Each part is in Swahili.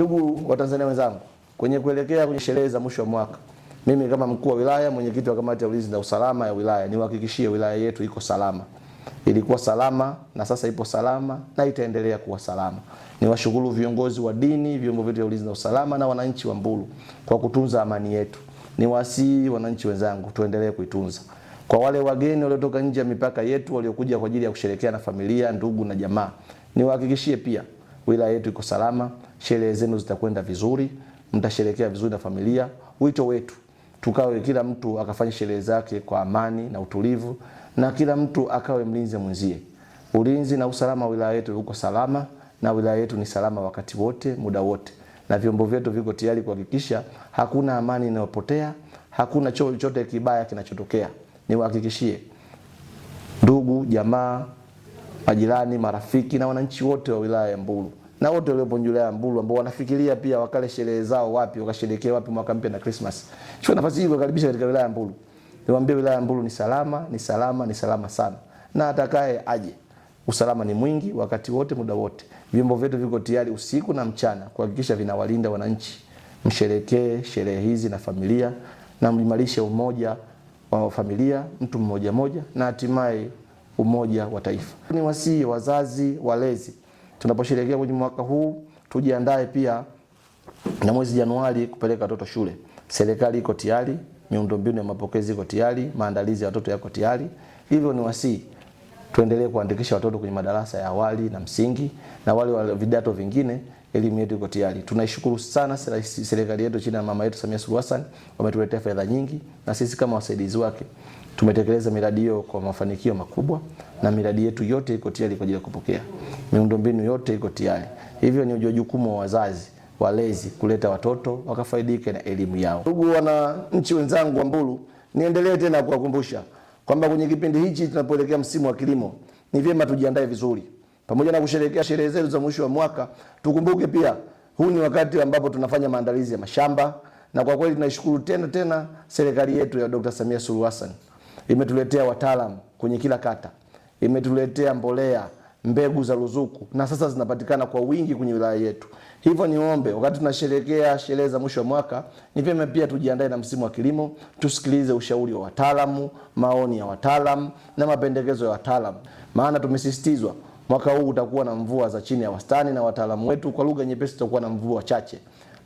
Ndugu Watanzania wenzangu, kwenye kuelekea kwenye sherehe za mwisho wa mwaka, mimi kama mkuu wa wilaya, mwenyekiti wa kamati ya ulinzi na usalama ya wilaya, niwahakikishie wilaya yetu iko salama, ilikuwa salama na sasa ipo salama na itaendelea kuwa salama. Niwashukuru viongozi wa dini, vyombo vyetu vya ulinzi na usalama na wananchi wa Mbulu kwa kutunza amani yetu. Niwasihi wananchi wenzangu, tuendelee kuitunza. Kwa wale wageni waliotoka nje ya mipaka yetu, waliokuja kwa ajili ya kusherehekea na familia, ndugu na jamaa, niwahakikishie pia wilaya yetu iko salama sherehe zenu zitakwenda vizuri, mtasherekea vizuri na familia. Wito wetu tukawe, kila mtu akafanye sherehe zake kwa amani na utulivu, na kila mtu akawe mlinzi mwenzie. Ulinzi na usalama wa wilaya yetu uko salama, na wilaya yetu ni salama wakati wote, muda wote, na vyombo vyetu viko tayari kuhakikisha hakuna amani inayopotea, hakuna chochote kibaya kinachotokea. Niwahakikishie ndugu, jamaa, majirani, marafiki na wananchi wote wa wilaya ya Mbulu na wote waliopo njula ya Mbulu ambao wanafikiria pia wakale sherehe zao wapi, wakasherekea wapi mwaka mpya na Christmas. Chukua nafasi hii kukaribisha katika wilaya ya Mbulu. Niwaambie wilaya ya Mbulu ni salama, ni salama, ni salama sana. Na atakaye aje. Usalama ni mwingi wakati wote, muda wote. Vyombo vyetu viko tayari usiku na mchana kuhakikisha vinawalinda wananchi. Msherekee sherehe hizi na familia na mlimarishe umoja wa familia, mtu mmoja moja na hatimaye umoja wa taifa. Ni wasii wazazi, walezi tunaposherehekea kwenye mwaka huu tujiandae pia na mwezi Januari kupeleka watoto shule. Serikali iko tayari, miundombinu ya mapokezi iko tayari, maandalizi ya watoto yako tayari, hivyo ni wasii tuendelee kuandikisha watoto kwenye madarasa ya awali na msingi na wale wa vidato vingine. Elimu yetu iko tayari. Tunaishukuru sana serikali yetu chini ya mama yetu Samia Suluhu Hassan, wametuletea fedha nyingi na sisi kama wasaidizi wake tumetekeleza miradi hiyo kwa mafanikio makubwa, na miradi yetu yote iko tayari kwa ajili ya kupokea, miundombinu yote iko tayari. Hivyo ni jukumu wa wazazi walezi kuleta watoto wakafaidike na elimu yao. Ndugu wananchi wenzangu wa Mbulu, niendelee tena kuwakumbusha kwamba kwenye kipindi hichi tunapoelekea msimu wa kilimo ni vyema tujiandae vizuri, pamoja na kusherehekea sherehe zetu za mwisho wa mwaka. Tukumbuke pia huu ni wakati ambapo tunafanya maandalizi ya mashamba, na kwa kweli tunaishukuru tena tena serikali yetu ya Dr. Samia Suluhu Hassan, imetuletea wataalamu kwenye kila kata, imetuletea mbolea mbegu za ruzuku na sasa zinapatikana kwa wingi kwenye wilaya yetu. Hivyo niombe, wakati tunasherehekea sherehe za mwisho wa mwaka, ni vyema pia tujiandae na msimu wa kilimo, tusikilize ushauri wa wataalamu, maoni ya wataalamu na mapendekezo ya wataalamu, maana tumesisitizwa mwaka huu utakuwa na mvua za chini ya wastani, na wataalamu wetu kwa lugha nyepesi, tutakuwa na mvua chache.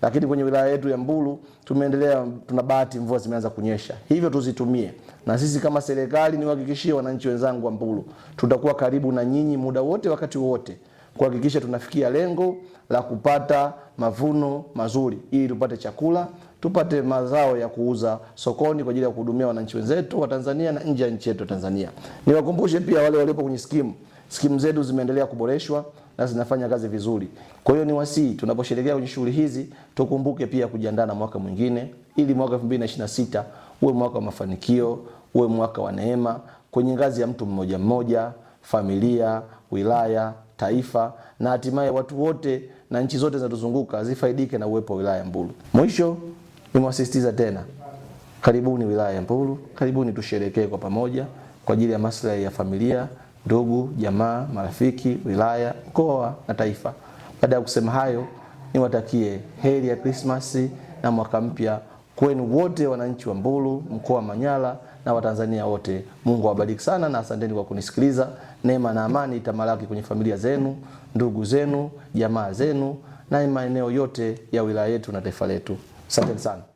Lakini kwenye wilaya yetu ya Mbulu tumeendelea, tuna bahati mvua zimeanza kunyesha, hivyo tuzitumie. Na sisi kama serikali, niwahakikishie wananchi wenzangu wa Mbulu, tutakuwa karibu na nyinyi muda wote, wakati wote kuhakikisha tunafikia lengo la kupata mavuno mazuri, ili tupate chakula, tupate mazao ya kuuza sokoni kwa ajili ya kuhudumia wananchi wenzetu wa Tanzania na nje ya nchi yetu ya Tanzania. Niwakumbushe pia wale waliopo kwenye skimu, skimu zetu zimeendelea kuboreshwa na zinafanya kazi vizuri. Kwa hiyo ni wasii, tunaposherehekea kwenye shughuli hizi tukumbuke pia kujiandaa na mwaka mwingine, ili mwaka 2026 uwe mwaka wa mafanikio, uwe mwaka wa neema kwenye ngazi ya mtu mmoja mmoja, familia, wilaya, taifa na hatimaye watu wote na nchi zote zinazotuzunguka zifaidike na uwepo wa wilaya ya Mbulu. Mwisho nimewasisitiza tena, karibuni wilaya ya Mbulu, karibuni tusherekee kwa pamoja kwa ajili ya maslahi ya familia ndugu, jamaa, marafiki, wilaya, mkoa na taifa. Baada ya kusema hayo, niwatakie heri ya Krismasi na mwaka mpya kwenu wote wananchi wa Mbulu, mkoa wa Manyara na Watanzania wote. Mungu awabariki sana na asanteni kwa kunisikiliza. Neema na amani itamalaki kwenye familia zenu, ndugu zenu, jamaa zenu na maeneo yote ya wilaya yetu na taifa letu. Asanteni sana.